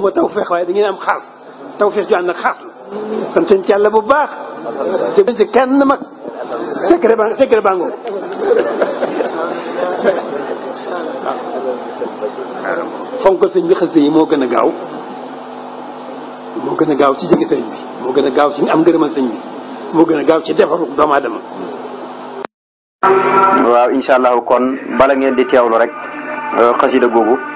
moo tawfeex waaye da ngeen am xaas tawfeex ju ànd ak xaas la sant ci bu baax jëmale ci kenn mag secret ba secret fonk sëñ bi xasida yi moo gën a gaaw moo gën a gaaw ci jege sëñ bi moo gën a gaaw ci am ngërëmal sëñ bi moo gën a gaaw ci defaru doomu aadama waaw incha allahu kon bala ngeen di teewlu rek xasida googu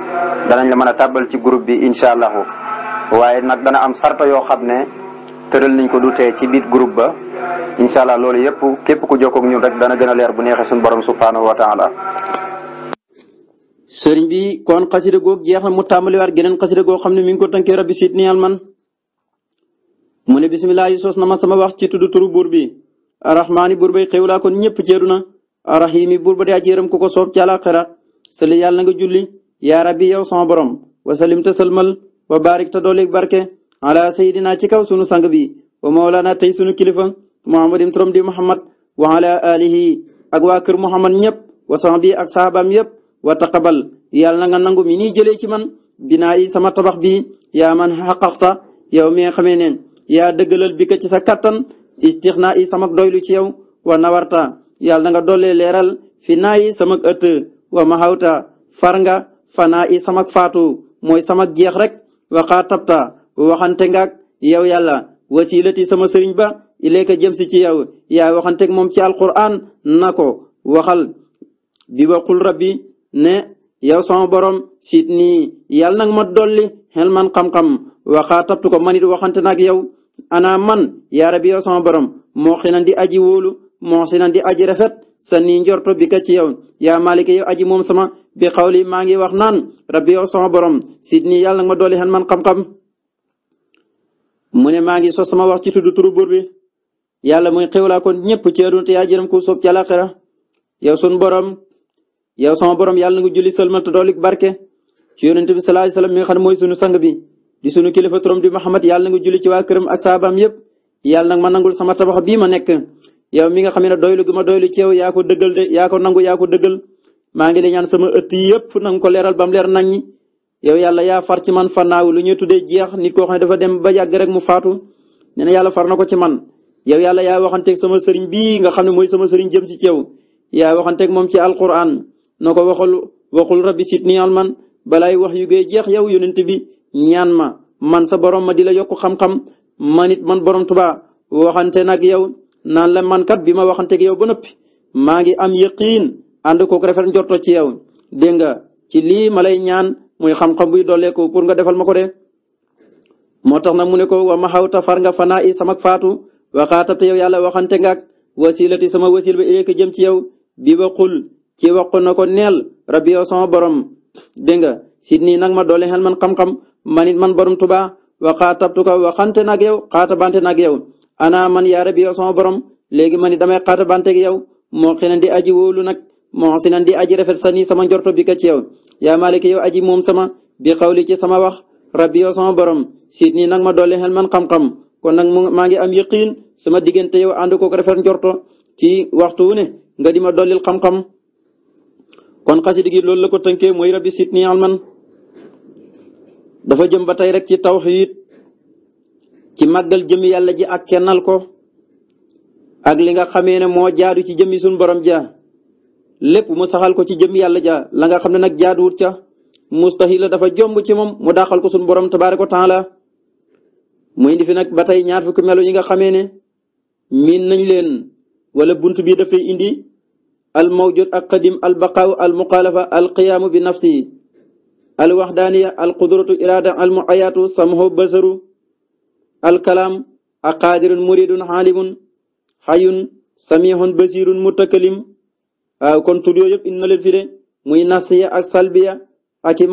danañ la mën a tàbbal ci groupe bi incha allahu waaye nag dana am sarta yoo xam ne tëral nañ ko du tee ci biir groupe ba incha allah loolu yëpp képp ku jokkoog ñun rek dana gën a leer bu neexee suñu borom subhaanahu wa taala sëriñ bi kon xasida googu jeex na mu tàmbaliwaat geneen xasida goo xam ne mi ko tënkee mu ne bisimilah yi sos na ma sama wax ci tuddu turu buur bi arrahmaani buur bay xéwlaa kon ñëpp ceedu na arrahimi buur ba di aji yërëm ku soob ci àllaaxira sëli yàlla nga julli yaara bi yow sama borom wasalim te salmal wa barik te dooleeg barke ala sayidina ci kaw sunu sang bi wa mawlana tey sunu kilifa muhammadin turam di muhammad wa ala alihi ak waa kër muhammad ñëpp wa sama bi ak saabaam yëpp wa taqabal yàlla na nga nangu mi nii jëlee ci man binaa yi sama tabax bi yaa man xaqaxta yow mi nga xamee ne yaa dëggalal bi ko ci sa kattan istixna yi sama doylu ci yow wa nawarta yàlla na nga dollee leeral fi naa yi sama ëtt wa mahawta far nga fanaa i samak faatu mooy samak jeex rek waxaa tabta waxante ngaak yow yàlla wasilati sama sëriñ ba ilayka jëm si ci yow ya waxante moom ci alquran na ko waxal bi waxul rabbi ne yow sama borom sit ni yàlla nag ma dolli xel man xam-xam waxaa ko man it waxante nag yow ana man yaa rabbi yow sama borom moo xinan di aji wóolu na di aji rafet sa ni njorto bi ka ci yow ya maalika yow aji moom sama bi xawli maa ngi wax naan rabbi sama borom sidni yàlla ma dooli xen man xam-xam mu ne maa ngi sos sama wax ci tudd turu buur bi yàlla muy xewlaa kon ñëpp ci aduna te yaa jërëm ku soob borom yow sama borom yàlla nga julli salmal te doolik barke ci yonent bi sallallahu alayhi wasallam mi nga xam ne mooy sunu sang bi di sunu kilifa turam di Muhammad yàlla nga julli ci waa këram ak saabaam yépp yàlla nag ma nangul sama tabax bi ma nekk yow mi nga xam ne doylu gi ma doylu ci yow yaa ko dëggal de yaa ko nangu yaa ko dëggal maa ngi lay ñaan sama ëtt yëpp na nga ko leeral ba mu leer naññi yow yàlla yaa far ci man fannaaw lu ñuy tuddee jeex nit ko xam ne dafa dem ba yàgg rek mu faatu nee na yàlla far na ko ci man yow yàlla yaa waxanteeg sama sëriñ bi nga xam ne mooy sama sëriñ jëm ci ceew yaa waxanteeg moom ci alquran noo ko waxul waxul ni sitni ilman balaay wax yu gee jeex yow yonent bi ñaan ma man sa borom ma di la yokk xam-xam man it man borom Tuubaa waxante nag yow naan la man kat bi ma waxanteeg yow ba noppi maa ngi am yaqiin ànd kook rafet njorto ci yow dégg nga ci lii ma lay ñaan muy xam-xam buy dooleeku pour nga defal ma ko de. moo tax na mu ne ko wa ma xaw ta far nga fanaa i sama faatu waxaata te yow yàlla waxante nga ak wasilati sama wasil ba ileeka jëm ci yow bi ba ci waxu na ko neel rabbi sama borom dégg nga si nii nag ma doole xel man xam-xam man man borom Tuubaa waxaatabtu ko waxante na ak yow xaatabante na ak yow. ana man yaa rabbi yow sama borom léegi man damay xaatabanteeg yow moo xinan di aji wóolu moo xinan di aji rafet sani sama njorto bi ka ci yow yaa maaliki yow aji moom sama bi xawli ci sama wax rabbi yow sama borom siit nii nag ma dolli xel man xam-xam kon nag maa ngi am yëqiin sama diggante yow ànd ko rafet njorto ci waxtu wu ne nga di ma dollil xam-xam kon xasida gi loolu la ko tënkee mooy rabbi siit nii alman dafa jëm ba rek ci tawxiid ci màggal jëmi yàlla ji ak kennal ko ak li nga xamee ne moo jaadu ci jëm suñ borom ja lépp moo saxal ko ci jëm yàlla ja langa xam ne nag jaaduwut ca mustahil la dafa jomb ci moom moo dàqal ko suñ borom tabaaraka taala mu indi fi nag ba tey ñaar fukki melo yi nga xamee ne miin nañ leen wala bunt bi dafay indi al mawjud ak qadim al baqaaw al muxaalafa al qiyaamu bi nafsi al waxdaaniya al qudratu iraada al muayaatu samho basaru alkalaam aqaadirun muridun xaalimun xayun samihun basirun mutakalim waaw kon tur yooyu yëpp leen fi muy nafsiya ak salbiya ak i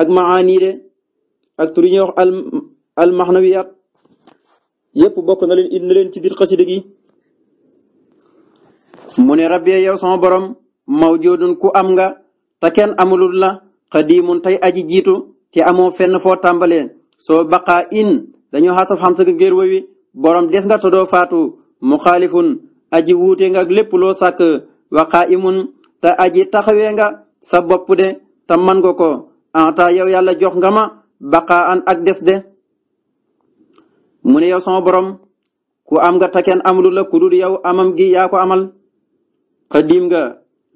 ak maxaani ak tur yi ñuy wax al bokk na leen inna leen ci biir xasida gi mu ne rabbi yow sama borom mawjoodun ku am nga te kenn amulul la xadiimun tey aji jiitu te amoo fenn foo tàmbalee soo baqaa in dañoo xasaf xam sa ngir wowi borom des nga todoo faatu muxaalifun aji wuute nga ak lépp loo sàkk waxaa imun te aji taxawee nga sa bopp de te man nga ko en tant yow yàlla jox nga ma baqaa an ak des de mu ne yow sama borom ku am nga taken am lu la ku dul yow amam gi yaa ko amal xadim nga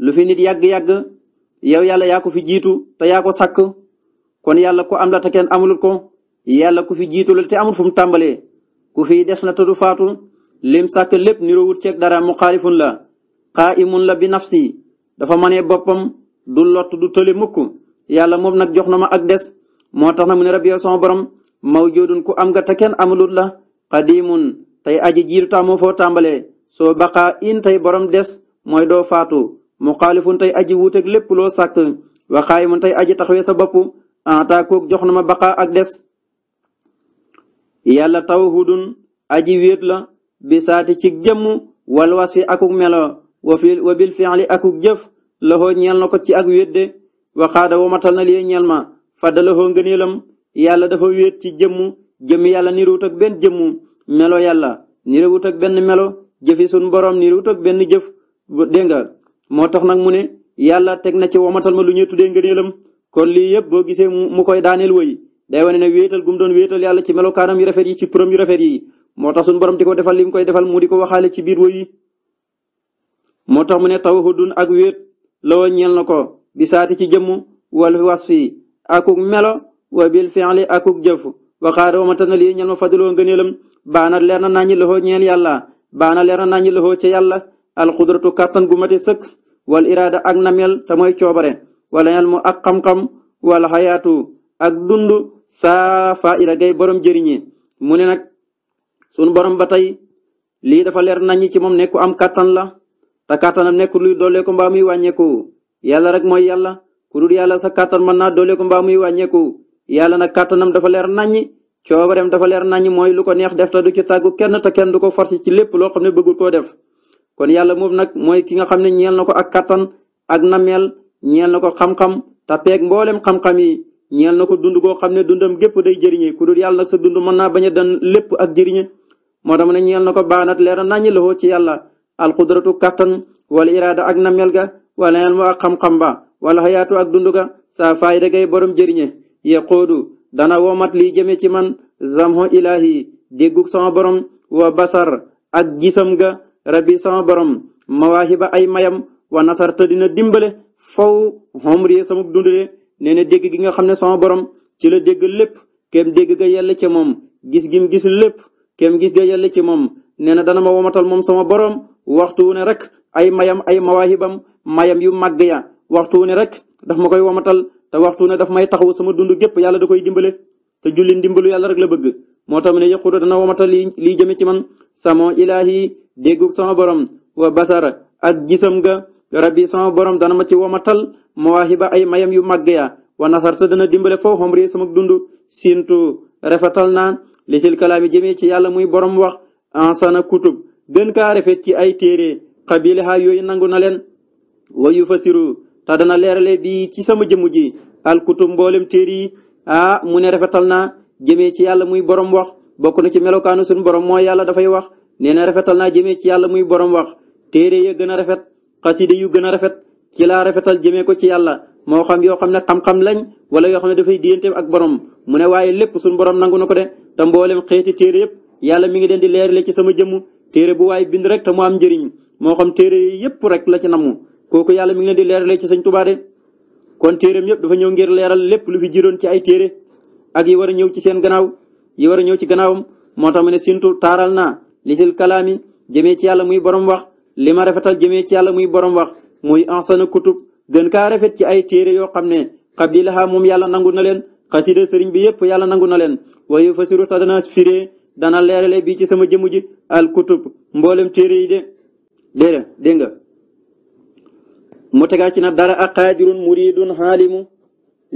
lu fi nit yàgg-yàgg yow yàlla yaa ko fi jiitu te yaa ko kon yàlla ku am la taken amulul ko yàlla ku fi jiitalul te amul fu mu tàmbalee ku fi des na te du faatu lim sàkk lépp niroowut ceeg dara mu xaalifun la xaa'imun la bi nafsi dafa manee boppam du lott du tële mukk yàlla moom nag jox na ma ak des moo tax na mu ne rabbi sama borom mawjoodun ku am nga te kenn amalut la xadiimun tey aji jiitu ta moo foo tàmbalee soo baqaa in tey borom des mooy doo faatu mu xaalifun tey aji wuuteeg lépp loo sàkk waxaayimun tey aji taxawee sa bopp en tant jox na ma baqaa ak des yàlla tawhidun aji wéet la bi saati ci jëmm wal wasfi akuk melo wa fi wa bil akuk jëf laxoo ñeel na ko ci ak wéet de waxaada wa matal na lii ñeel ma fadda laxoo ngëneelam yàlla dafa wéet ci jëmm jëm yàlla niruwut ak benn jëmm melo yàlla niruwut ak benn melo jëfi sun borom niruwut ak benn jëf dégg nga moo tax nag mu ne yàlla teg na ci wamatal ma lu ñuy tuddee ngëneelam kon lii yëpp boo gisee mu koy daaneel woy day wane ne wéetal gum doon wéetal yàlla ci melokaanam yu rafet yi ci turam yu rafet yi moo tax suñu borom di ko defal li koy defal mu di ko waxaale ci biir woy moo tax mu ne tawhidun ak wéet lawo ñeel na ko bi ci jëmm wal wasfi akuk melo wa bil fi'li akuk jëf waxaada wamata na lii ñel ma fadiloo ngëneelam baana leer na nañi loxoo ñeel yàlla baana leer na nañi ci ca yàlla alxudratu kàttan gu mate sëkk wal iraada ak namel te mooy coobare wala ak xam-xam wala ak dund sa fa ira gay borom jëriñee mu ne nag sunu borom ba tey lii dafa leer naññi ci moom nekku am kàttan la te kàttanam nekku luy dooleeku mbaa muy wàññeeku yàlla rek mooy yàlla ku dul yàlla sa kàttan mën naa dooleeku mbaa muy wàññeeku yàlla na kàttanam dafa leer naññi coobareem dafa leer naññi mooy lu ko neex def te du ci tàggu kenn te kenn du ko forcé ci lépp loo xam ne bëggul koo def kon yàlla moom nag mooy ki nga xam ne ñeel na ko ak kàttan ak nameel ñeel ko xam-xam te peeg mboolem yi ñeel na ko dund goo xam ne dundam gépp day jëriñe ku dul yàlla nag sa dund mën naa bañ a dan lépp ak jëriñe moo tax mu ne ñeel na ko baanat leera naññi loxoo ci yàlla alqudratu kattan wala iraada ak namel ga wala elmu ak xam-xam ba wala xayaatu ak dund sa saa fayda gay borom jëriñe yaqoodu dana womat li jëme ci man zamho ilahi déggug sama borom wa basar ak gisam ga rabbi sama borom mawaahiba ay mayam wa nasarta dina dimbale faw xomrie samuk dundule nee na dégg gi nga xam ne sama borom ci la dégg lépp kem dégg ga yàlla ci moom gis gim gis lépp kem gis ga yàlla ci moom nee na dana ma womatal moom sama borom waxtu wu ne rek ay mayam ay mawaahibam mayam yu màgg ya waxtu wu ne rek daf ma koy womatal te waxtu wu ne daf may taxaw sama dund gépp yàlla da koy dimbale te julli ndimbalu yàlla rek la bëgg moo tax mu ne yëqudu dana womatal li lii jëme ci man samo ilaahi déggu sama borom wa basara ak gisam ga rabbi sama borom dana ma ci womatal ba ay mayam yu màgg ya wa nasarta dana dimbale foo xomri sama dund sintu rafetal na lisil kalaami jëmee ci yàlla muy borom wax ansana kutub gën kaa rafet ci ay téere xabilaha nangu na leen wa yu fasiru te dana leerale bi ci sama jëmu ji al mboolem téere yi ah mu ne rafetal naa jëmee ci yàlla muy borom wax bokk na ci melokaanu suñu borom mooy yàlla dafay wax nee na rafetal naa jëmee ci yàlla muy borom wax téere ya gën a rafet xaside yu gën a rafet ci laa rafetal jamee ko ci yàlla moo xam yoo xam ne xam-xam lañ wala yoo xam ne dafay diyanteem ak borom mu ne waaye lépp suñu borom nangu na ko de te mboolem xeeti téere yëpp yàlla mi ngi leen di leerale ci sama jëmm téere bu waaye bind rek te mu am njëriñ moo xam téere yëpp rek la ci namu kooku yàlla mi ngi leen di leerale ci sëñ Tuubaa de kon téereem yëpp dafa ñëw ngir leeral lépp lu fi jiroon ci ay téere ak yi war a ñëw ci seen gannaaw yi war a ñëw ci gannaawam moo tax mu ne sintu taaral naa lisil kalaami ci yàlla muy borom wax li ma rafetal jëmee ci yàlla muy borom wax muy ansana kutub gën kaa rafet ci ay téere yoo xam ne xabilaha moom yàlla nangu na leen xasida sëriñ bi yëpp yàlla nangu na leen wayu fasiru ta dana firee dana leerale bi ci sama jëmu ji al kutub mboolem téere yi de déedéet dégg nga mu tegaat ci na dara ak xaadirun muridun xaalimu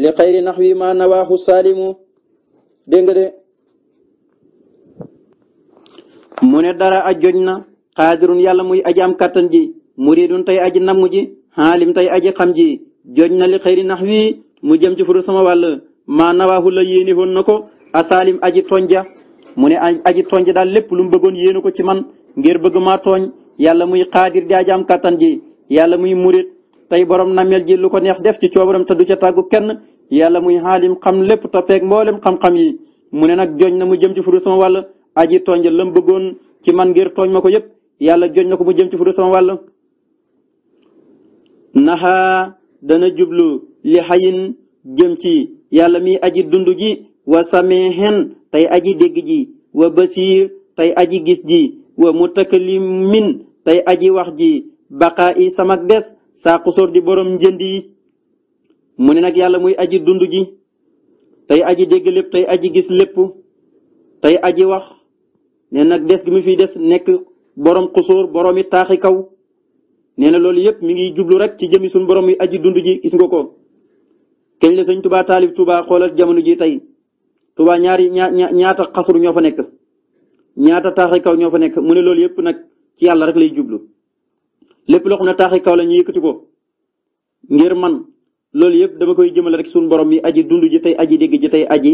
li xayri nax wi ma na saalimu dégg nga de mu ne dara a joj na xaadirun yàlla muy ajaam kattan kàttan ji muridun tey aji namm ji xaalim tey aji xam ji jooj na li xëyri nax wi mu jëm ci furu sama wàll maa nawaahu la yéene na ko asaalim aji tonja mu ne aji tonja daal lépp lu mu bëggoon yéene ko ci man ngir bëgg maa tooñ yàlla muy xaadir di aji am ji yàlla muy murid tey borom namel ji lu ko neex def ci coobaram te du ca tàggu kenn yàlla muy xaalim xam lépp toppeeg mboolem xam-xam yi mu ne nag joñ na mu jëm ci furu sama wàll aji tonja lam bëggoon ci man ngir tooñ ko yëpp yàlla joñ na ko mu jëm ci fu dul sama wàll naxaa dana jublu li xayin jëm ci yàlla mi aji dund ji wa samehen tey aji dégg ji wa basiir tey aji gis ji wa mutakallimin tey aji wax ji baqaa i samak des saa xusóor di borom njënd yi mu ne nag yàlla muy aji dund ji tey aji dégg lépp tey aji gis lépp tey aji wax ne nag des gi mu fi des nekk borom xusóor borom yi taaxi kaw nee na loolu yëpp mu ngi jublu rek ci jëmi suñu borom yi aji dundu ji isngo ko. kañ la sëñ Touba taalib Touba xoolal jamono ji tey tubaa ñaari ñaa ñaata xasru ñoo fa nekk ñaata taaxi kaw ñoo fa nekk mu ne loolu yëpp nag ci yàlla rek lay jublu lépp loo ne taaxi kaw la ñu yëkkati ko ngir man loolu yëpp dama koy jëmale rek suñu borom yi aji dundu ji tey aji dégg ji tey aji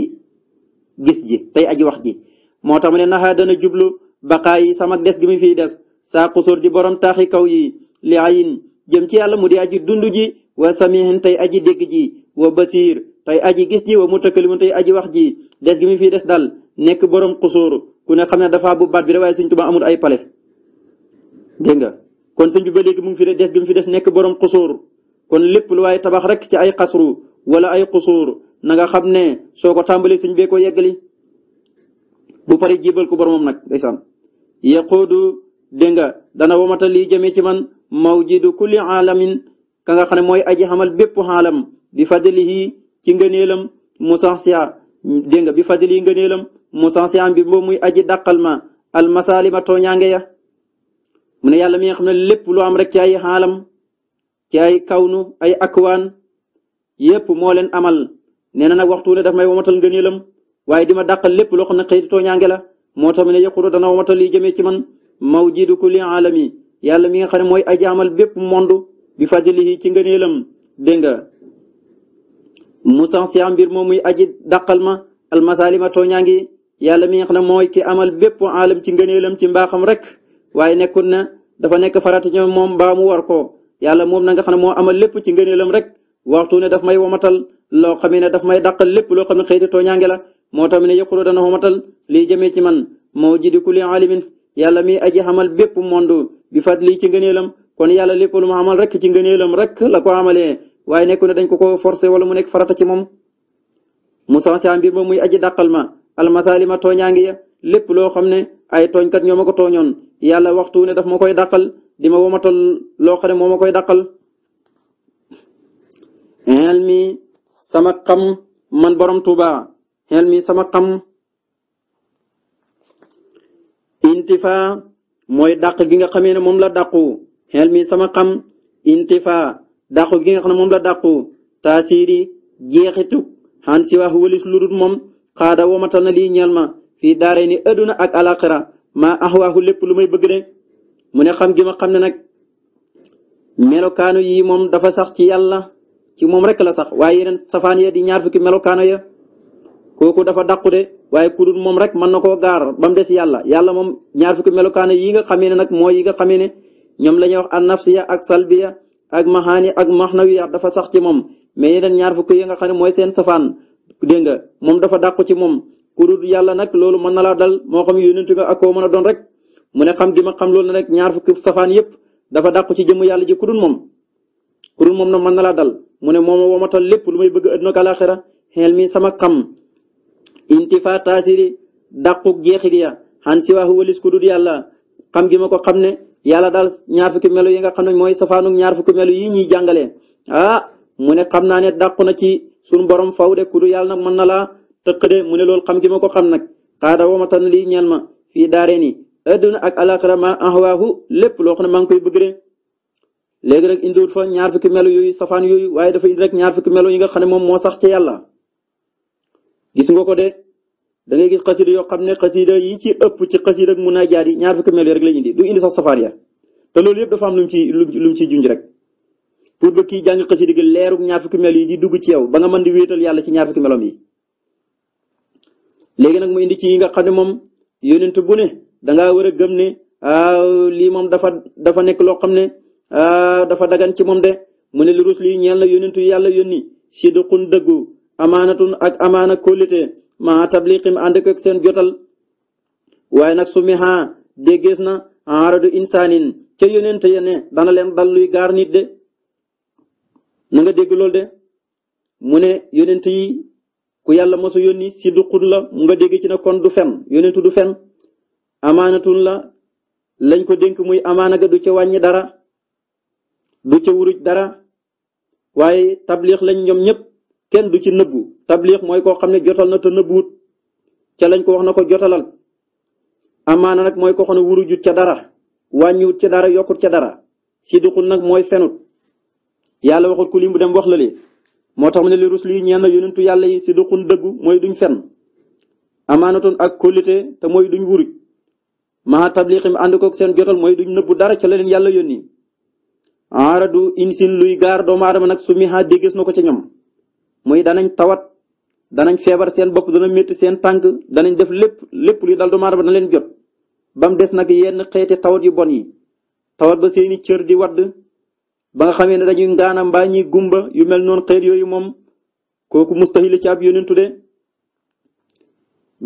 gis ji tey aji wax ji moo tax ma ne naxa dana jublu. baqaa yi sama des gi mu fiy des saa xusur ji borom taaxi kaw yi li ayin jëm ci yàlla mu di aji dund ji wa samihin tey aji dégg ji wa basiir tey aji gis ji wa mutakalimun tey aji wax ji des gi mu des daal nekk borom xusur ku ne xam ne dafa bu baat bi rek waaye Sëñ Tuubaa amul ay palais dégg nga kon sëñ bi ba léegi mu ngi fi des gi fi des nekk borom xusur kon lépp lu waaye tabax rek ci ay xasru wala ay xusur na nga xam ne soo ko tàmbalee sëñ bee ko yeggali bu pare jibal ko boromam nag ndeysaan yaquudu dégg nga dana wamata lii jëmee ci man mawjidu kulli aalamin ka nga xam ne mooy aji xamal bépp xaalam bi fadlihi ci ngëneelam musansiya dégg nga bi fadlihi ngëneelam musansiya bi moom muy aji dàqal ma almasalima tooñaange ya mu ne yàlla mi nga xam ne lépp lu am rek ci ay xaalam ci ay kawnu ay akwaan yépp moo leen amal nee na waxtu ne daf may wamatal ngëneelam waaye di ma dàqal lépp loo xam ne xëy tooñaange la moo tamit ne yaquru dana wamata lii jëmee ci man mawjidu kulli alami yàlla mi xam ne mooy aji amal bépp monde bi fadlihi ci ngëneelam dégg nga mu sax mbir moom muy aji daqal ma almasalima tooñaa ngi yàlla mi nga xam ne mooy ki amal bépp alam ci ngëneelam ci mbaaxam rek waaye nekkul na dafa nekk farata ci moom mbaa mu war ko yàlla moom na nga xam ne moo amal lépp ci ngëneelam rek waxtu ne daf may womatal loo xam ne daf may daqal lépp loo xam ne xëyti tooñaange la moo tax mi ne yaqulu dana xomatal lii jëmee ci man moo ji di kulli alimin yàlla mi aji xamal bépp monde bi fadli ci ngëneelam kon yàlla lépp lu ma xamal rek ci ngëneelam rek la ko xamalee waaye nekku ne dañ ko ko forcé wala mu nekk farata ci moom mu sansa mbir ma muy aji dàqal ma almasalima tooñaangi ya lépp loo xam ne ay tooñkat ñoo ma ko tooñoon yàlla waxtu ne daf ma koy daqal di ma womatal loo xam ne moo ma koy dàqal ilmi sama xam man borom Tuuba xel mi sama xam intifa mooy dàq gi nga xamee ne moom la dàqu xel mi sama xam intifa dàqu gi nga xam ne moom la dàqu taasiri jeexitu xan si wax walis ludut moom xaada womatal na lii ñeel ma fii daaree ni adduna ak alaxira maa axwaaxu lépp lu may bëgg de mu ne xam gi ma xam ne nag melokaanu yi moom dafa sax ci yàlla ci moom rek la sax waaye yeneen safaan ya di ñaar fukki melokaano ya kooku dafa dàqu de waaye ku moom rek mën na koo gaar ba mu des yàlla yàlla moom ñaar fukki melokaana yi nga xamee ne nag mooy yi nga xamee ne ñoom la ñuy wax an nafsiya ak salbiya ak maxaani ak maxnawiya dafa sax ci moom mais yeneen ñaar fukki yi nga xam ne mooy seen safaan dégg nga moom dafa dàqu ci moom ku dul yàlla nag loolu mën na laa dal moo xam yónentu nga ak koo mën a doon rek mu ne xam gi ma xam loolu na rek ñaar fukki safaan yépp dafa dàqu ci jëmm yàlla ji ku dul moom ku moom na mën na laa dal mu ne moom mooma womatal lépp lu may bëgg àdduna ak àlaxira xel sama xam intifa taasiri dàquk jeexit ya xan si waaxu walis ku dul yàlla xam gi ma ko xam ne yàlla daal ñaar fukki melo yi nga xam ne mooy safaanug ñaar fukki melu yi ñuy jàngalee ah mu ne xam naa ne dàqu na ci suñu borom faw de ku dul yàlla nag mën na laa tëq de mu ne loolu xam gi ma ko xam nag xaada tan lii ñeel ma fii daaree ni adduna ak alaxira ma ahwaahu lépp loo xam ne maa ngi koy bëgg de léegi rek indiwut fa ñaar fukki melu yooyu safaan yooyu waaye dafa indi rek ñaar fukki melo yi nga xam ne moom moo sax ci yàlla gis nga ko de da ngay gis xasida yoo xam ne xasida yi ci ëpp ci xasida ak munaajaat yi ñaar fukki mel yi rek la ñu indi du indi sax safaan ya te loolu yëpp dafa am lu mu ci lu mu ciy junj rek pour ba kii jàng xasida gi leerug ñaar fukki mel yi di dugg ci yow ba nga man di wéetal yàlla ci ñaar fukki melom yi léegi nag mu indi ci yi nga xam ne moom yónent bu ne dangaa war a gëm ne lii moom dafa dafa nekk loo xam ne ah, dafa dagan ci moom de mu ne lu rus lii ñeel na yónentu yàlla yónni sidqun dëggu amaanatun ak amaana kóllite maa tabliqim ànd ak seen jotal waaye nag su mihaa déggees na aradu insaanin ca yonente ya dana leen dal luy gaar nit de na nga dégg loolu de mu ne yonent yi ku yàlla mosu yónni si duqun la mu nga dégg ci ne kon du fen yonentu du fen amaanatun la lañ ko dénk muy amaana du ca wàññi dara du ca wuruj dara waaye tabliix lañ ñoom ñëpp kenn du ci nëbbu tabliix mooy koo xam ne jotal na te nëbbuwut ca lañ ko wax na ko jotalal amaana nag mooy koo xam ne wurujut ca dara wàññiwut ca dara yokkut ca dara si siddiqul nag mooy fenut yàlla waxut ku lim bu dem wax la li moo tax mu ne li rusul yi ñeen yonentu yàlla yi siddiqun dëggu mooy duñ fen amaanatun ak kóllite te mooy duñ wuruj maa tabliixim ànd kook seen jotal mooy duñ nëbbu dara ca la leen yàlla yónni du insin luy gaar doomu aadama nag su mi déggees na ko ca ñoom mooy danañ tawat danañ feebar seen bopp dana métti seen tànk danañ def lépp lépp luy dal doomu aadama dana leen jot ba mu des nag yenn xeeti tawat yu bon yi tawat ba seeni cër di wadd ba nga xamee ne dañuy ngaana mbaa gumba yu mel noonu xeet yooyu moom kooku mustahil ci ab yonentu de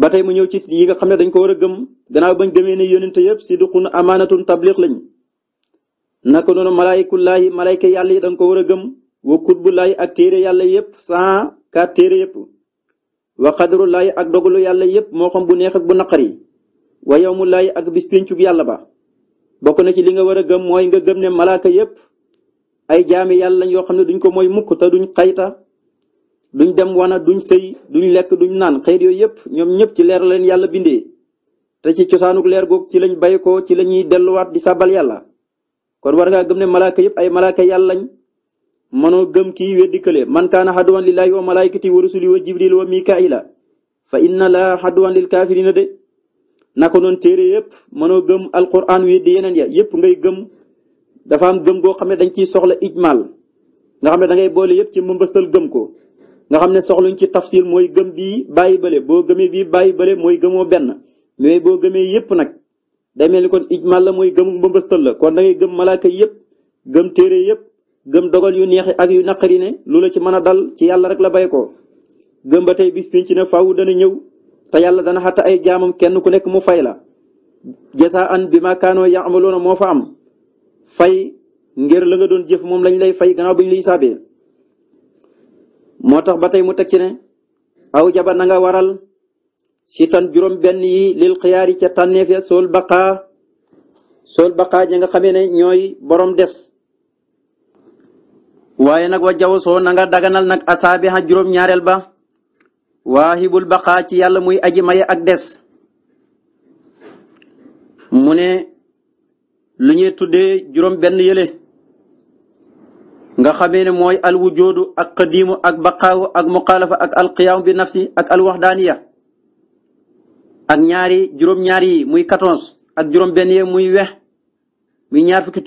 ba tey mu ñëw ci yi nga xam ne dañ ko war a gëm gannaaw bañ gëmee ne yonent yëpp sidqun amaanatun tabliq lañ naka noonu malaayikullaahi malaayka yàlla yi dañ ko war a gëm wa bu lay ak téere yàlla yépp saa ka téere yépp wa xadaru lay ak dogalu yàlla yépp moo xam bu neex ak bu naqar yi wa yawmu lay ak bis péncub yàlla ba bokk na ci li nga war a gëm mooy nga gëm ne malaaka yépp ay jaami yàlla lañ yoo xam ne duñ ko mooy mukk te duñ xayta duñ dem wana duñ sëy duñ lekk duñ naan xëyit yooyu yépp ñoom ñépp ci leer leen yàlla bindee te ci cosaanuk leer googu ci lañ bay ko ci lañuy delluwaat di sàbbal yàlla kon war ngaa gëm ne malaaka yépp ay malaaka yàlla lañ manoo gëm kii weddi kële man kaana xaduwan lillahi wa malaikati wa rusuli wa jibril wa mikaila fa inna la xaduwan lil kafirina de naka noonu téere yëpp manoo gëm alquran weddi yeneen ya yëpp ngay gëm dafa am gëm goo xam ne dañu ciy soxla ijmal nga xam ne da ngay boole yëpp ci mëmbëstal gëm ko nga xam ne soxluñ ci tafsil mooy gëm bii bàyyi bële boo gëmee bii bàyyi bële mooy gëmoo benn mais boo gëmee yëpp nag day mel ni kon ijmal la mooy gëmu mbëmbëstal la kon dangay gëm malaaka yëpp gëm téere yëpp gëm dogal yu neex ak yu naqari ne lu la ci mën a dal ci yàlla rek la bay ko gëm ba tey bi pinc ne faaw dana ñëw te yàlla dana xatta ay jaamam kenn ku nekk mu fay la jasaan bi ma kaanoo yaamaluuna moo fa am fay ngir la nga doon jëf moom lañ lay fay gannaaw bi ñu lay saabee moo tax ba tey mu teg ci ne aw jaba na nga waral si tan juróom benn yi lil xiyaar yi ca tànneef ya sool baqaa sool baqaa ña nga xamee ne ñooy borom des waaye nag wa jaw soo na nga daganal nag asaabiha juróom-ñaareel ba waahibul baqaa ci yàlla muy aji maye ak des mu ne lu ñuy tuddee juróom benn yële nga xamee ne mooy alwujoodu ak qadiimu ak baqaawu ak muxaalafa ak alqiyaamu bi nafsi ak alwaxdaaniya ak ñaari juróom-ñaari muy quatorze ak juróom benn yi muy weex muy ñaar fukki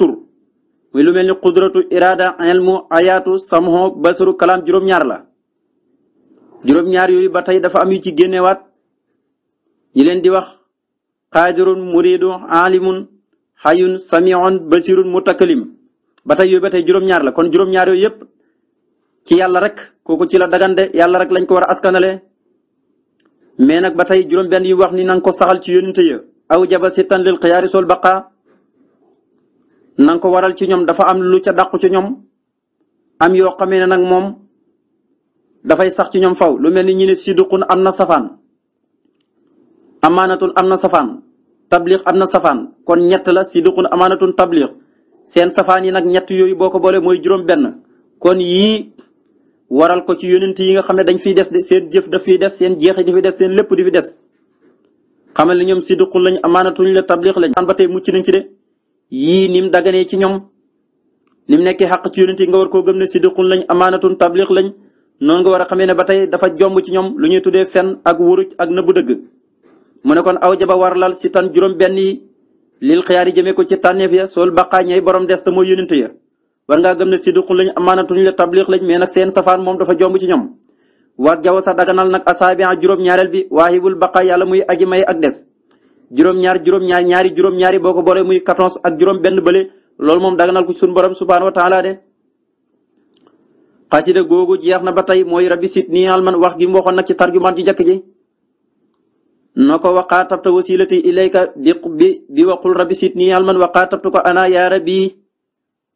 muy lu mel ni qudratu irada ilmu ayaatu samho basaru kalaam juróom-ñaar la juróom-ñaar yooyu ba tey dafa am yu ci génnewaat yi leen di wax xaadirun muridu alimun xayun samiun basirun mutakalim ba tey yooyu ba tey juróom-ñaar la kon juróom-ñaar yooyu yépp ci yàlla rek kooku ci la dagande yàlla rek lañ ko war a askanale mais nag ba tey juróom benn yi wax ni nan ko saxal ci yónente ya aw jaba sittan lil xiyaari sol baqa nang ko waral ci ñoom dafa am lu ca dàqu ci ñoom am yoo xamee ne nag moom dafay sax ci ñoom faw lu mel ni ñu ne sidqun am na safaan amaanatun am na safaan tabliix am na safaan kon ñett la sidqun amaanatun tabliix seen safaan yi nag ñett yooyu boo ko boole mooy juróom benn kon yii waral ko ci yonent yi nga xam ne dañ fiy des seen jëf daf fiy des seen jeexi di fi des seen lépp di fi des xamal ne ñoom sidqun lañ amaanatuñ la tabliix lañ an ba tey mucc nañ ci de yii nim daganee ci ñoom nim nekkee xaq ci yonent yi nga war koo gëm ne siddiqun lañu amaanatu tabliq lañ noonu nga war a xamee ne ba tey dafa jomb ci ñoom lu ñuy tuddee fen ak wuruj ak nëbbu dëgg mu ne kon aw jaba warlal si tan juróom benn yi lil xiyaar yi jëmee ko ci tànneef ya sool baqaa ñay borom des te mooy yonent ya war ngaa gëm ne siddiqun lañ amaanatuñ la tabliq lañ mais nag seen safaan moom dafa jomb ci ñoom waag jaw sa daganal nag asaabi juróom ñaareel bi waahibul baqaa yàlla muy aji may ak des juróom-ñaar juróom ñaari juróom-ñaari boo ko boolee muy 14 ak juróom benn bële lool moom daganal ko suñu borom subhaanahu wa taala de xasida googu jeex na ba tey mooy rabbi sidni alman wax gi mu waxoon nag ci tarjumaan ju jëkk ji na ko waqaatabta wasilati ilayka bi bi bi waqul rabbi sidni alman waqaatabtu ko ana yaa rabbi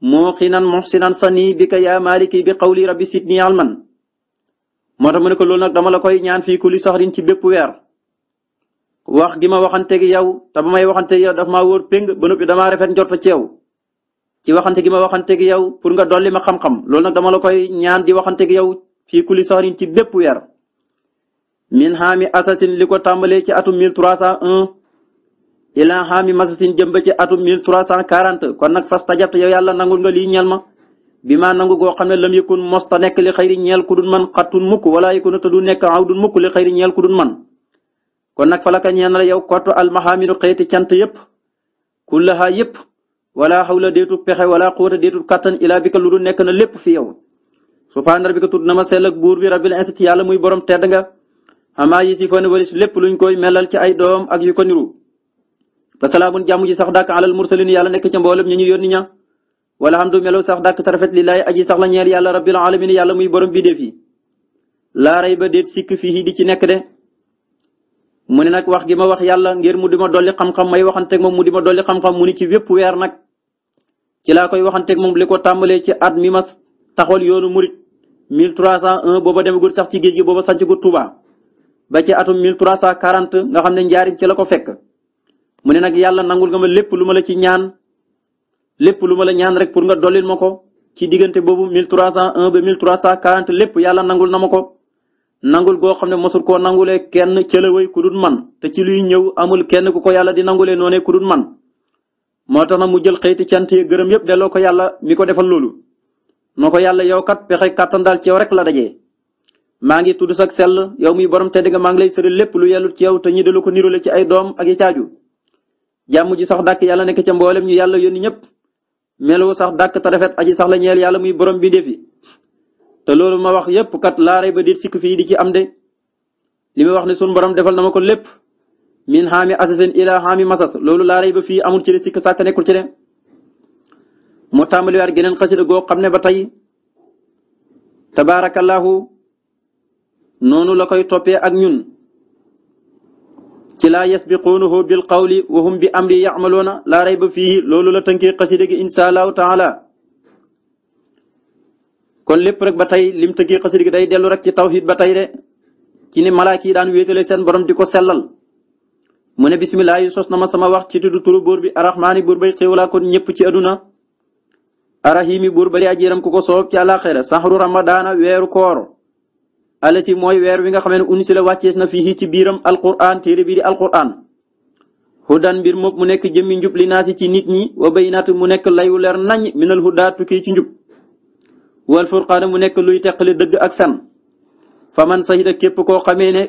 muuqinan muhsinan sani bika yaa maliki bi qawli rabbi sidni alman moo tax mu ne ko loolu nag dama la koy ñaan fii sax saxrin ci bépp weer wax gi ma waxante gi yow te ba may waxante yow daf maa wóor péng ba noppi damaa rafet njort ci yow ci waxante gi ma waxante gi yow pour nga dolli ma xam-xam loolu nag dama la koy ñaan di waxante gi yow fii kuli sahrin ci bépp weer min xaami assasine li ko tàmbalee ci atum 1301 ilaa xaami masasin jëm ba ci atum 1340 kon nag fas tajabta yow yàlla nangu nga lii ñeel ma bi maa nangu goo xam ne lam yëkkun mosta nekk li xëyri ñeel ku dun man xattun mukk wala yëkkuna te du nekk aw mukk li xëyri ñeel ku dun man kon nag falaka ñeen la yow kottu almaxaamidu xeeti cant yëpp kullaha yëpp wala xawla deetu pexe wala quwata deetu kattan ilaa bi ka lu dul nekk na lépp fi yow subhaana rabbika tudd na ma sell ak buur bi rabbil izzati yàlla muy borom tedd nga amaa yi si fane walis lépp luñ koy melal ci ay doom ak yu ko niru ba salaamun jàmm ji sax dàkk alal mursalin yàlla nekk ci mboolem ñu ñu yónni ña wala xam du melow sax dàkk tarafet lillaahi aji sax la ñeel yàlla rabbil alamin yàlla bi def yi laa rey ba déet sikk fii de mu ne nag wax gi ma wax yàlla ngir mu di ma dolli xam-xam may waxanteeg moom mu di ma dolli xam-xam mu ni ci wépp weer nag ci laa koy waxanteeg moom li ko tàmbalee ci at mi ma taxawal yoonu murit 1301 booba demagul sax ci géej gi booba sanc gu Tuuba ba ci atum 1340 nga xam ne njaarim ci la ko fekk mu ne nag yàlla nangul nga ma lépp lu ma la ci ñaan lépp lu ma la ñaan rek pour nga dollil ma ko ci diggante boobu 1301 ba 1340 lépp yàlla nangul na ko nangul goo xam ne mosul koo nangulee kenn cëlaway ku dul man te ci luy ñëw amul kenn ku ko yàlla di nangulee noonee ku dul man moo tax na mu jël xëyti cant yi gërëm yépp delloo ko yàlla mi ko defal loolu noo ko yàlla yow kat pexe kàttan daal ci yow rek la dajee maa ngi tudd sag sell yow muy borom tedd nga maa ngi lay sëral lépp lu yellut ci yow te ñi dalu ko nirole ci ay doom ak i caaju jàmm ji sax dàkk yàlla nekk ca mboolem ñu yàlla yónni ñëpp melu sax dàkk te rafet aji sax la ñeel yàlla muy borom bi defi te loolu ma wax yépp kat laaray ba déet sikk fii di ci am de li ma wax ne sunu borom defal na ma ko lépp min xaami asasin ila xaami masas loolu laaray ba fii amul ci de sikk sàkk nekkul ci de mu tàmbaliwaat geneen xasida goo xam ne ba tey tabaarakallahu noonu la koy toppee ak ñun ci laa yasbiquunahu bil qawli wa hum bi amri ya'maluuna laaray ba fiihi loolu la tënkee xasida gi insha allahu taala kon lépp rek ba tey lim tëggee xasida gi day dellu rek ci tawhid ba tey de ci ni malaak kii daan wéetale seen borom di ko sellal mu ne bisimilah sos na ma sama wax ci tuddu turu buur bi arrahmaani buur bay xéewalaa kon ñëpp ci aduna arahimi buur bari aji yaram ku ko soob ci àlaxira saxru ramadaana weeru koor alasi mooy weer wi nga xamee ne unsi la wàccees na fii ci biiram alquran téere bi di alquran hudan mbir moom mu nekk jëmmi njub li ci nit ñi wa nekk layu leer nañ ci wal furqaana mu nekk luy teqale dëgg ak fen fa man sahida képp koo xamee ne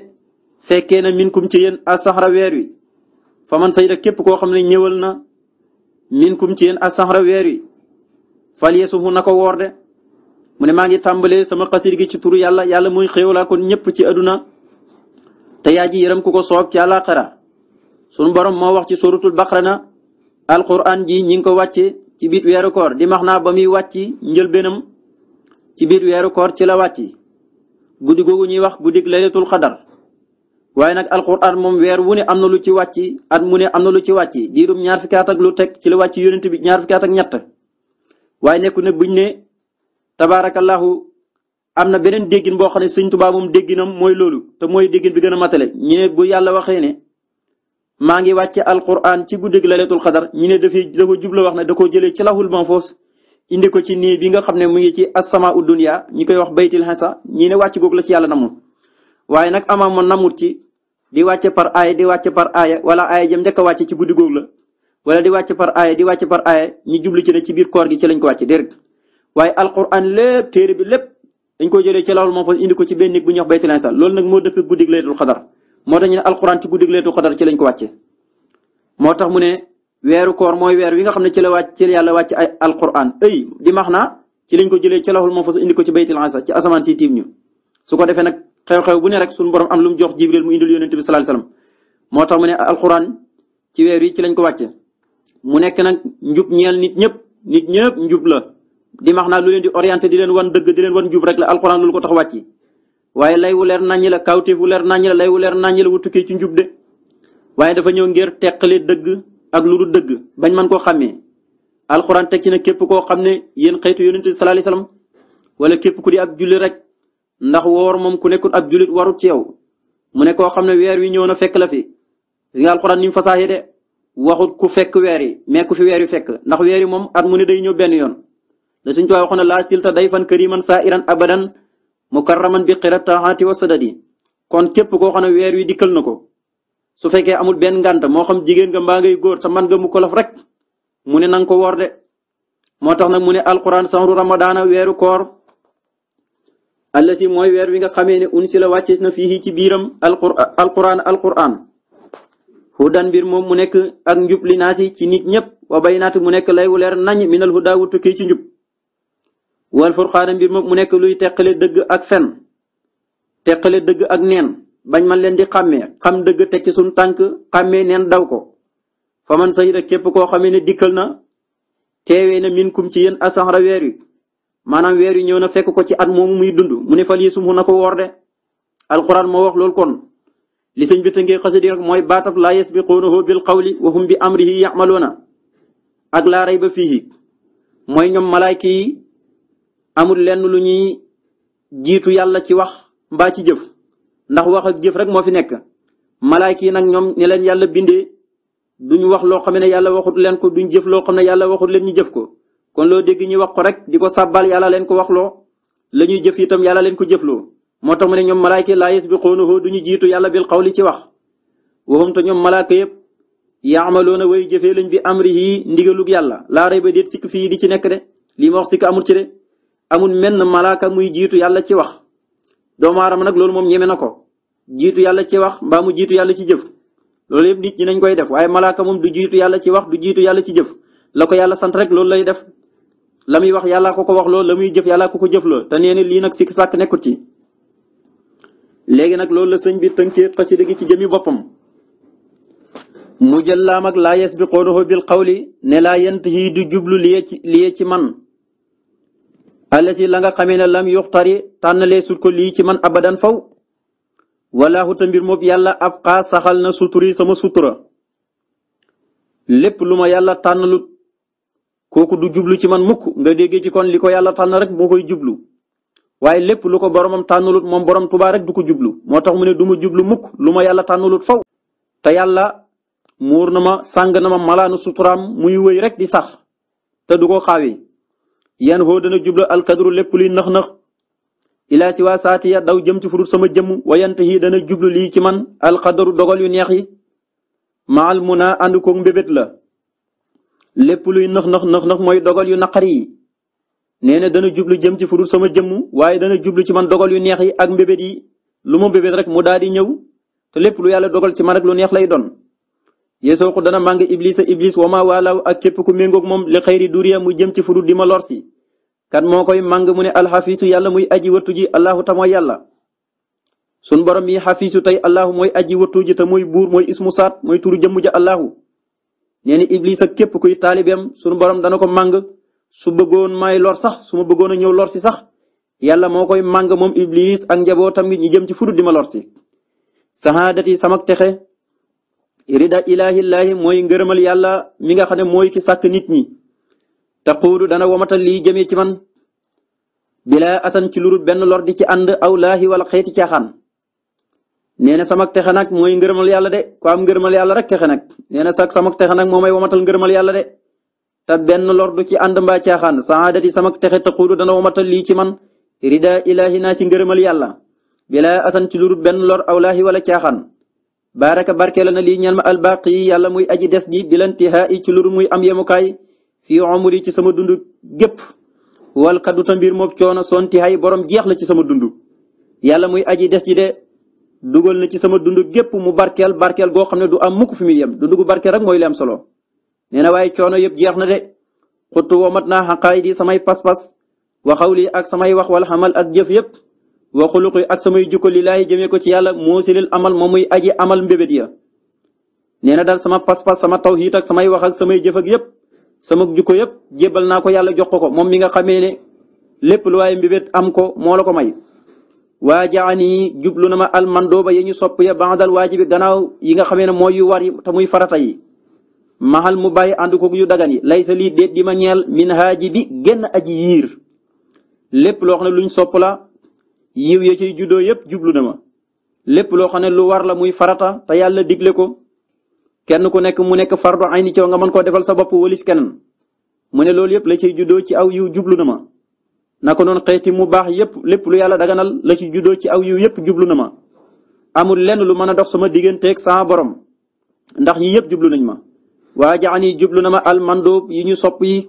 fekkee na minkum ci yéen asaxra weer wi fa man sahida képp koo xam ne ñëwal na minkum ci yéen asaxra weer wi fal yesuhu na ko woor de mu ne maa ngi tàmbalee sama xasir gi ci turu yàlla yàlla muy xéewalaa kon ñëpp ci aduna te yaa ji yërëm ku ko soob ci àllaaxira sunu borom moo wax ci suratul baqara na alquran ji ñi ngi ko wàcce ci biit weeru koor di max naa ba muy wàcc njëlbeenam ci biir weeru koor ci la wàcci guddi googu ñuy wax guddik laylatul xadar waaye nag alxuraan moom weer wu ne am na lu ci wàcci at mu ne am na lu ci wàcci diirum ñaar fukki at lu teg ci la wàcc yonent bi ñaar fukki at ñett waaye nekku nag buñ ne tabaarakallahu am na beneen déggin boo xam ne sëñ Tuubaa moom dégginam mooy loolu te mooy déggin bi gën a matale ñi bu yàlla waxee ne maa ngi wàcce alxuraan ci guddik laylatul xadar ñi ne dafay dafa jubla wax ne da koo jëlee ci lahul manfoos indi ko ci nii bi nga xam ne mu ngi ci asama u dunya ñi koy wax baytil xasa ñi ne wàcc goog la ci yàlla namul waaye nag ama moom namut ci di wàcce par aaya di wàcce par aaya wala aaya jëm njëkk a ci guddi googu la wala di wàcce par aaya di wàcce par aaya ñi jublu ci ne ci biir koor gi ci lañ ko wàcce déedéet waaye alquran lépp téere bi lépp dañ ko jëlee ci lawul mahfuus indi ko ci benn nit bu ñuy wax baytil xasa loolu nag moo dëppee guddig laylatul xadar moo tax ñu ne alquran ci guddig laylatul xadar ci lañ ko wàcce moo tax mu ne weeru koor mooy weer wi nga xam ne ci la wàcc ci la yàlla wàcc ay alquran ay di max naa ci lañ ko jëlee ci laxul mahfuus indi ko ci baytil ansa ci asamaan si tiim ñu su ko defee nag xew-xew bu ne rek suñu borom am lu mu jox jibril mu indil yonent bi sallallahu alayhi wasallam moo tax mu ne alquran ci weer wi ci lañ ko wàcce mu nekk nag njub ñeel nit ñëpp nit ñëpp njub la di max naa lu leen di orienté di leen wan dëgg di leen wan njub rek la alquran loolu ko tax wàcc waaye lay wu leer naññi la kawteef wu leer naññi la wu leer naññi wu tukkee ci njub de waaye dafa ñëw ngir teqale dëgg ak lu dëgg bañ man koo xàmmee alxuraan teg ci na képp koo xam ne yéen xëytu yonent bi sallallahu alayhi wasallam wala képp ku di ab jullit rek ndax woor moom ku nekkul ab julit warut ci yow mu ne koo xam ne weer wi ñëw na fekk la fi si nga alxuraan ni mu fasaaxee de waxut ku fekk weer yi mais ku fi weer yu fekk ndax weer yi moom at mu ne day ñëw benn yoon la suñ ko waxoon ne laa silta day fan kariman saa iran abadan mukarraman bi qirataati wa sadadi kon képp koo xam ne weer wi dikkal na ko su fekkee amul benn ngànt moo xam jigéen nga mbaa ngay góor te man nga mu kolof rek mu ne nanga ko woor de moo tax nag mu ne alquran sanru ramadaana weeru koor allasi mooy weer wi nga xamee ne unsi la wàcce na fii ci biiram alquran alquran hudan mbir moom mu nekk ak njub ci nit ñëpp wa baynaat mu nekk lay wu leer nañ minal hudaa wu tukki ci njub wal furqaana mbir moom mu nekk luy teqale dëgg ak fen teqale dëgg ak neen bañ man leen di xàmmee xam dëgg teg ci suñ tànk xàmmee neen daw ko fa man sayida képp koo xamee ne dikkal na teewee na min kum ci yéen asaxra weer wi maanaam weer wi ñëw na fekk ko ci at moom muy dund mu ne fal yi sumxu na ko wor de alquran moo wax loolu kon li sëñ bi ngee xasidi rek mooy baatab laa yasbiquunahu bil qawli wa hum bi amrihi yamaluuna ak laa ba fiihi mooy ñoom malaayka yi amul lenn lu ñuy jiitu yàlla ci wax mbaa ci jëf ndax wax jëf rek moo fi nekk malaayka yi nag ñoom ni leen yàlla bindee duñ wax loo xam ne yàlla waxut leen du duñ jëf loo xam ne yàlla waxut leen ñu jëf ko kon loo dégg ñu wax ko rek di ko sàbbal yàlla ko wax loo la ñuy jëf itam yàlla leen ko jëfloo moo tax ma ne ñoom malaayka laa du ñu jiitu yàlla bil li ci wax waxum te ñoom malaayka yëpp yaamaloona way jëfee lañ bi amri amrihi ndigalug yàlla laa rey ba déet sikk fii di ci nekk de lii wax sikk amul ci de amul menn malaaka muy jiitu yàlla ci wax doomu aadama nag loolu moom ñeme na ko jiitu yàlla ci wax mbaamu jiitu yàlla ci jëf loolu yëpp nit ñi nañ koy def waaye malaaka moom du jiitu yàlla ci wax du jiitu yàlla ci jëf la ko yàlla sant rek loolu lay def la muy wax yàlla ko ko wax loolu la muy jëf yàlla ko ko jëf loolu te nee lii nag sikk sàkk nekkut ci léegi nag loolu la sëñ bi tënkee xasida gi ci jëmi boppam mu jël laam ak laa yasbiquunahu bil qawli ne laa yent yi du jublu liye ci liye ci man alasi la nga xamee ne lam yuxtari tànnalee sut ko lii ci man abadan faw walaahu te mbir moom yàlla ab xaa saxal na suturi sama sutura lépp lu ma yàlla tànnalut kooku du jublu ci man mukk nga déggee ci kon li ko yàlla tànn rek moo koy jublu waaye lépp lu ko boromam tànnalut moom borom tubaa rek du ko jublu moo tax mu ne du jublu mukk lu ma yàlla tànnalut faw te yàlla muur na ma sàng na ma malaanu suturam muy wëy rek di sax te du ko xaawi yan hoo dana jublu alkadru lépp luy nax-nax ilaa si waa saatiya daw jëm ci furut sama jëmm wayantahi dana jublu lii ci man alxadaru dogal yu neex yi maal mu naa ànd la lépp luy nax nax nax nax mooy dogal yu naqari yi nee na dana jublu jëm ci furut sama jëmm waaye dana jublu ci man dogal yu neex yi ak mbébét yi lu ma mbébét rek mu daal di ñëw te lépp lu yàlla dogal ci man rek lu neex lay doon yesoo ko dana màng iblis a iblis wama waalaw ak képp ku méngoog moom li xëyri duriya mu jëm ci furut di ma lor si kan moo koy màng mu ne alxafiisu yàlla muy aji wattu ji allahu ta mooy borom yi xafiisu tey allahu mooy aji wattu ji te buur mooy ismu saat mooy turu jëmm ja allahu nee ni iblis ak képp kuy taalibeem sunu borom dana ko màng su bëggoon may lor sax su ma bëggoon a ñëw lor si sax yàlla moo koy màng moom iblis ak njabootam gi ñu jëm ci fudut di ma lor si sahaadati samak texe rida ilaahi illaahi mooy ngërëmal yàlla mi nga xam ne mooy ki sàkk nit ñi taquulu dana womatal lii jëmee ci man bilaa asan ci lurut benn lor di ci ànd aw laahi wala xeeti caaxaan nee na samak texe nag mooy ngërëmal yàlla de ko am ngërëmal yàlla rek texe nag nee na sax samak texe nag moo may womatal ngërëmal yàlla de te benn lor du ci ànd mbaa caaxaan saadati samak texe taquulu dana womatal lii ci man rida ilaahi naa ci ngërëmal yàlla bilaa asan ci lurut benn lor aw laahi wala caaxaan baraka barkeela na lii ñeel ma albaqi yàlla muy aji des ji bilantihaa ci lurut muy am yemukaay fii umri ci sama dund gépp wal kaddu ta mbir moom coono son ti hay borom jeex la ci sama dund yàlla muy aji des ji de dugal na ci sama dund gépp mu barkeel barkeel goo xam ne du am mukk fi muy yem dund gu barkeel rek mooy li solo nee na waaye coono yëpp jeex na de xuttu womat naa xaqaay di samay pas-pas waxaw lii ak samay wax wal xamal ak jëf yëpp wa xuluqi ak samay jukko lillaahi jëmee ko ci yàlla moo silil amal moom muy aji amal mbébét ya nee na daal sama pas-pas sama tawhiid ak samay wax ak samay jëf yëpp sama jukko yëpp jébbal naa ko yàlla jox ko ko moom mi nga xamee ne lépp lu waaye mbibét am ko moo la ko may waa jaani jublu na ma almandooba yi ñu sopp ya bandal bi gannaaw yi nga xamee ne mooy yu war yi muy farata yi maxal mu bàyyi ànd ko yu dagan yi lay sa lii déet di ma ñeel min haaji bi génn aji yiir lépp loo xam ne luñ sopp la yiw ya ci juddoo yëpp jublu na ma lépp loo xam ne lu war la muy farata te yàlla digle ko kenn ku nekk mu nekk fardu ay ni ci nga mën koo defal sa bopp walis keneen mu ne loolu yëpp la ciy juddoo ci aw yiw jublu na ma naka noonu xeeti mu baax yëpp lépp lu yàlla daganal la ci juddoo ci aw yiw yëpp jublu na ma amul lenn lu mën a dox sama digganteeg sama borom ndax yi yëpp jublu nañ ma waa jaani jublu na ma almandoob yi ñu sopp yi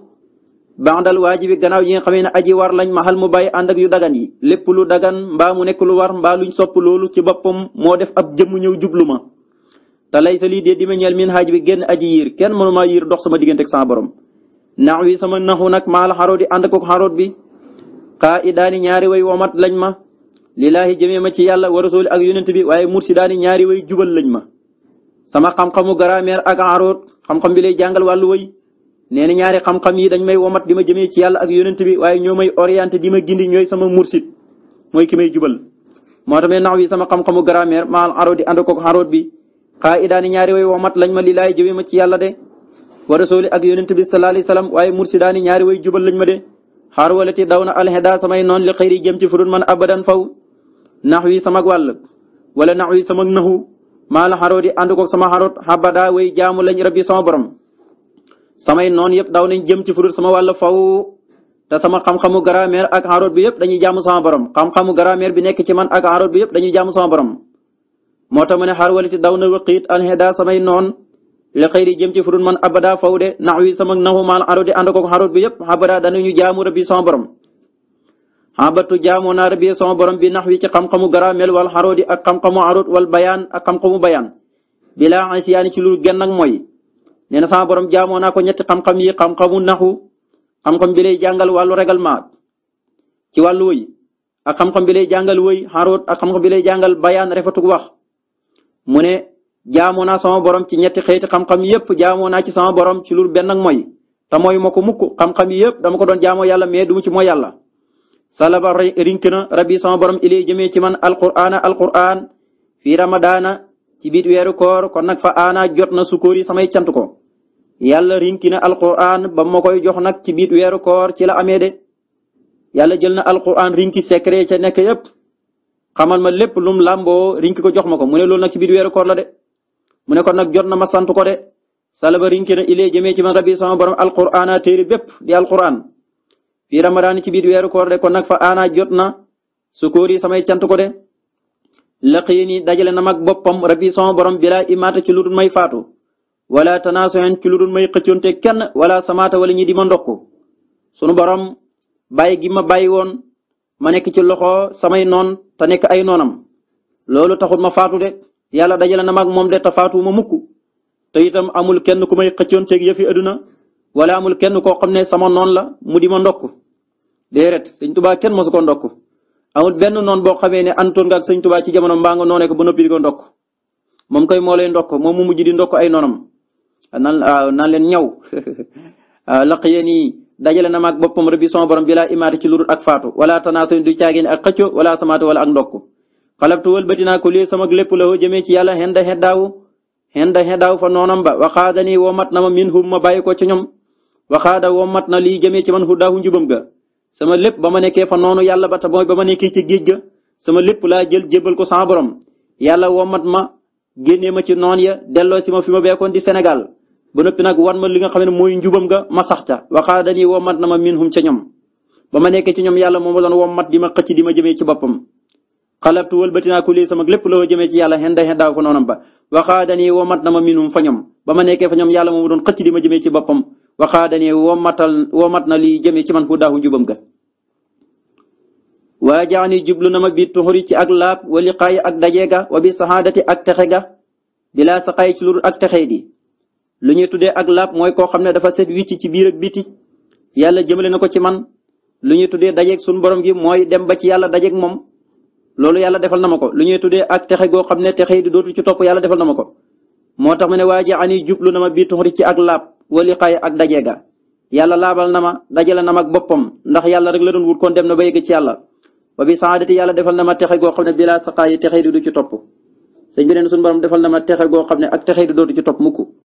bandal waajibi gannaaw yi nga xamee na aji war lañ maxal mu bàyyi ànd ak yu dagan yi lépp lu dagan mbaa mu nekk lu war mbaa luñ sopp ci boppam moo def ab jëmm ñëw jublu ma te lay sa lii dee di min xaaj bi génn aji yiir kenn mënu maa yiir dox sama diggante ak sama borom nax wi sama naxu nag maal xaroot yi ànd kook bi xaa i daani ñaari way womat lañ ma lillaahi jëmee ma ci yàlla wa rasuuli ak yonent bi waaye mursi daani ñaari way jubal lañ ma sama xam-xamu grammaire ak xaroot xam-xam bi lay jàngal wàllu way nee na ñaari xam-xam yi dañ may womat di ma jëmee ci yàlla ak yonent bi waaye ñoo may orienté di ma gindi ñooy sama mursid mooy ki may jubal moo tax nax wi sama xam-xamu grammaire bi xaa idaani ñaari way womat lañ ma lilaay jëme ma ci yàlla de wa rasuli ak yonent bi sallallahu alayhi wasallam waaye mursidaani ñaari way jubal lañ ma de xaar walati daw na alxeda samay noon li xëyri jëm ci furun man abadan faw nax wi sama wàll wala nax wi sama naxu maala la xaroo di ànd koog sama xaroot xabada way jaamu lañ rabbi sama borom samay noon yëpp daw nañ jëm ci furun sama wàll faw te sama xam-xamu grammaire ak xaroot bi yëpp dañuy jaamu sama borom xam-xamu grammaire bi nekk ci man ak xaroot yëpp dañuy jaamu sama borom moo tax mu ne xaar wala ci daw na wëqiit alxeda samay noon li xëy di jëm ci furun man abada faw de nax sama naxu maal arut di ànd bi xarut bi yëpp abada danañu jaamu rabbi son borom xabatu jaamoo naa rabbi son borom bi nax wi ci xam-xamu garamel wal xarut ak xam-xamu arut wal bayaan ak xam-xamu bayaan bilaa asiyaani ci lu genn ak mooy nee na sama borom jaamoo naa ko ñetti xam-xam yi xam-xamu naxu xam-xam bi lay jàngal wàllu règlement ci wàllu wëy ak xam bi lay jàngal wëy xarut ak bi lay jàngal bayaan refatuk wax mu ne jaamu naa sama borom ci ñetti xeeti xam-xam yépp jaamoo naa ci sama borom ci lu benn ak mooy te mooy ma ko mukk xam-xam yépp dama ko doon jaamoo yàlla mais du ci mooy yàlla. salaba rink na rabbi sama borom ilay jëmee ci man alqur'aana alqur'aan fii ramadaana ci biit weeru koor kon nag fa aana jot na sukóor yi samay cant ko. yàlla rinki na alqur'aan ba ma koy jox nag ci biit weeru koor ci la amee de yàlla jël na alqur'aan rinki secret ca nekk yépp. xamal ma lépp lum làmboo rinki ko jox ma ko mu ne loolu nag ci biir weeru koor la de mu ne kon nag jot na ma sant ko de salaba rinki na ilee jëmee ci man rabbi sama borom alquran a téere bépp di alquran fii ramadaan ci biir weeru koor de kon nag fa ana jot na sukóor yi samay cant ko de laqiini dajale na mag boppam rabbi sama borom bilaa imaata ci lu dul may faatu wala tanaasoen ci lu dul may xëccoonte kenn wala samaata wala ñi di ma ndokk sunu borom bay gi ma bàyyi woon ma nekk ci loxo samay noon te nekk ay noonam loolu taxul ma faatu de yàlla dajale na maag moom de te faatu ma mukk te itam amul kenn ku may xëccoon teeg yëfi adduna wala amul kenn koo xam ne sama noon la mu di ma ndokk déedéet sëñ tubaa kenn mosu ko ndokk amul benn noon boo xamee ne antoon nga ak sëñ tubaa ci jamono mbaa nga noonee ko ba noppi di ndokk moom koy moo lay ndokk moom mu mujj di ndokk ay noonam nan ah, leen ñaw ah, laq yéen yi dajale na maag boppam rëbbi sama borom bi laa imaati ci lurul ak faatu wala tanaasoñ du caageen ak xëcco wala samaatu wala ak ndokk xalabtu wëlbati naa ko li sama lépp la woo ci yàlla xenda xeddaawu xenda xeddaaw fa noonam ba waxaada nii woo mat na ma min hum ma bàyyi ko ci ñoom waxaada woo mat na lii jëmee ci man hudaahu njubam ga sama lépp ba ma nekkee fa noonu yàlla ba ta mooy ba ma nekkee ci géej ga sama lépp laa jël jébbal ko sama borom yàlla woo mat ma génnee ma ci noon ya delloo si ma fi ma beekoon di Sénégal ba noppi nag wan ma li nga xam ne mooy njubam nga ma sax ca waxaa dañuy womat na ma minhum ca ñoom ba ma nekkee ci ñoom yàlla moo ma doon womat di ma xëcc di ma jëmee ci boppam xalabtu wëlbati naa ko lii lépp loo jëmee ci yàlla xen daxe daaw ko noonam ba waxaa dañuy womat na ma minhum fa ñoom ba ma nekkee fa ñoom yàlla moom ma doon xëcc di ma jëmee ci boppam waxaa dañuy womatal womat na lii jëmee ci man fu daaxu njubam ga waa jaani jublu na ma bi tuxuri ci ak laab wa liqaayi ak ga wa bi saxaadati ak texe ga bilaa saxaay ci lur ak texe di lu ñuy tuddee ak laab mooy koo xam ne dafa set wicc ci biir ak biti yàlla jëmale na ko ci man lu ñuy tuddee dajeeg suñu borom gi mooy dem ba ci yàlla dajeeg moom loolu yàlla defal na ma ko lu ñuy tuddee ak texe goo xam ne texe dootu ci topp yàlla defal na ko moo tax mu ne waa ji ani jublu na ma biitu tuxri ci ak laab wali xaay ak dajeega yàlla laabal na ma dajale na ma ak ndax yàlla rek la doon wut kon dem na ba yegg ci yàlla wa bi saadati yàlla defal na ma texe goo xam ne bilaa saqaayi texe yi du ci topp sëñ bi neen suñu defal na ma texe goo xam ne ak texe yi dootu ci topp mukk